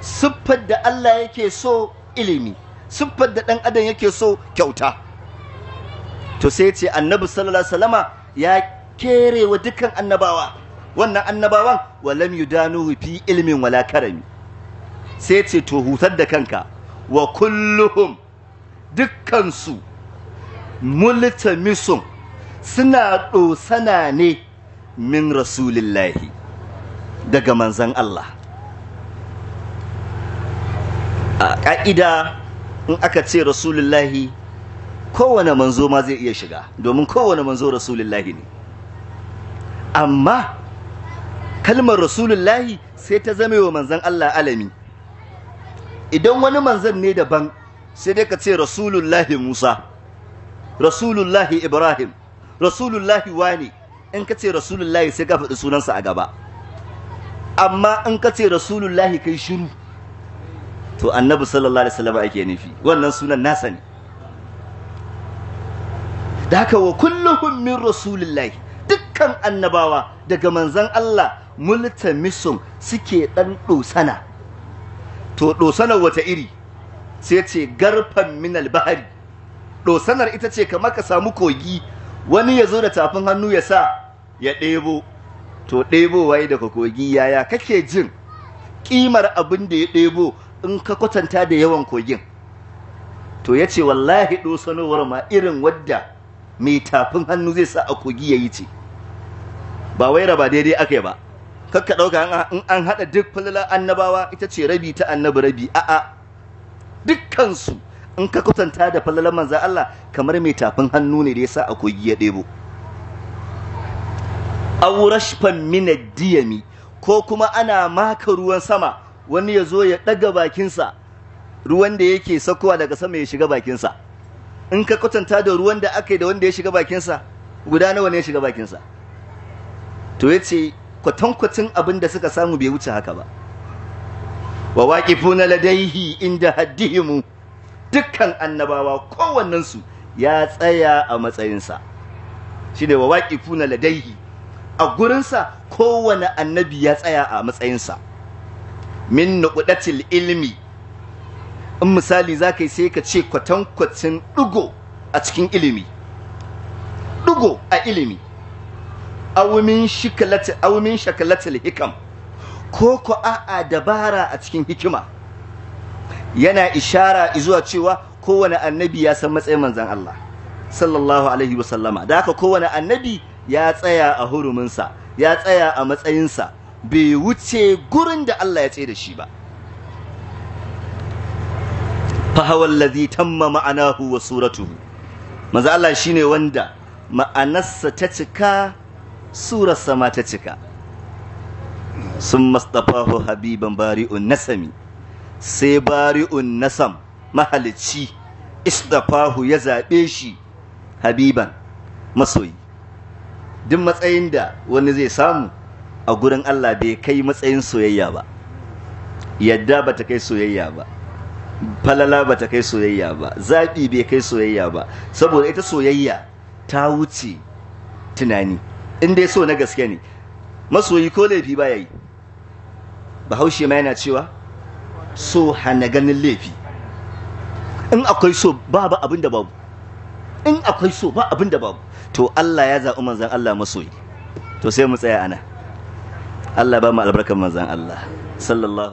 siffar da Allah yake so ilimi siffar da ɗan adam yake so kyauta to sai ce annabi sallallahu alaihi ya kere wa dukkan annabawa wannan annabawan walam yudanuhu fi ilmin wala karami sai ce to hutar da kanka wa kulluhum dukkansu multamisun suna ɗosana ne min rasulillahi daga manzan Allah a ƙa'ida in aka ce rasulillahi kowane manzo ma zai iya shiga domin kowane manzo rasulillahi ne amma kalmar rasulullahi sai ta zame wa manzan Allah alami idan wani manzan ne daban sai dai ka ce rasulullahi musa rasulullahi ibrahim rasulullahi wani in ka ce rasulullahi sai ka faɗi sunansa a gaba amma in ka ce rasulullahi kai shiru to annabi sallallahu alaihi wasallam ake nufi wannan sunan nasa ne da haka wa kulluhum min rasulillahi dukkan annabawa daga manzan Allah multamisun suke dan dosana to dosanar wata iri sai ce garfan minal bahari dosanar ita ce kamar ka samu kogi wani ya zo da tafin hannu ya sa ya ɗebo to ɗebo waye daga kogi yaya kake jin ƙimar abin da ya ɗebo in ka kwatanta da yawan kogin to ya ce wallahi dosanowar ma irin wadda mai tafin hannu zai sa a kogi ya yi ce ba wai raba daidai aka yi ba kakka ɗauka in an haɗa duk falala annabawa ita ce rabi ta annabi rabi a'a dukkansu in ka kwatanta da falalan manza Allah kamar mai tafin hannu ne da yasa a kogi ya ɗebo aurashfan minad diyami ko kuma ana maka ruwan sama wani ya zo ya ɗaga bakinsa ruwan da yake sakowa daga sama ya shiga bakinsa in ka kwatanta da ruwan da aka yi da wanda ya shiga bakinsa guda nawa ne ya shiga bakinsa to ya ce kwatankwacin abin da suka samu bai wuce haka ba wa na ladaihi inda haddihimu dukkan annabawa kowannensu ya tsaya a matsayinsa Shi ne wa na ladaihi a gurinsa kowane annabi ya tsaya a matsayinsa min nuqdatil ilmi in misali ka yi sai ka ce kwatankwacin ɗigo a cikin ilimi ɗigo a ilimi aumin shikalati hikam ko ko a'a dabara a cikin hikima yana ishara zuwa cewa kowane annabi ya san matsayin manzon Allah sallallahu alaihi wa da haka kowane annabi ya tsaya a huruminsa ya tsaya a matsayinsa bai wuce gurin da Allah ya tsaye da shi ba fahawar lazi tamma ma'anahu wa suratuhu maza Allah shine wanda ma'anarsa ta cika surar sama ta cika sun mastafahu habiban bari'un nasami sai bari'un nasam mahalicci istafahu ya zaɓe shi habiban masoyi duk matsayin da wani zai samu a gurin Allah bai kai matsayin soyayya ba yadda ba ta kai soyayya ba falala ba ta kai soyayya ba zaɓi bai kai soyayya ba saboda ita soyayya ta wuce tunani in dai so na gaske ne masoyi ko laifi ba yayi bahaushe ma yana cewa so hana ganin laifi in akwai so babu abin da babu in akwai so ba abin da babu to Allah ya zaɓi manzan Allah masoyi to sai mu tsaya ana Allah ba mu albarkar manzan Allah sallallahu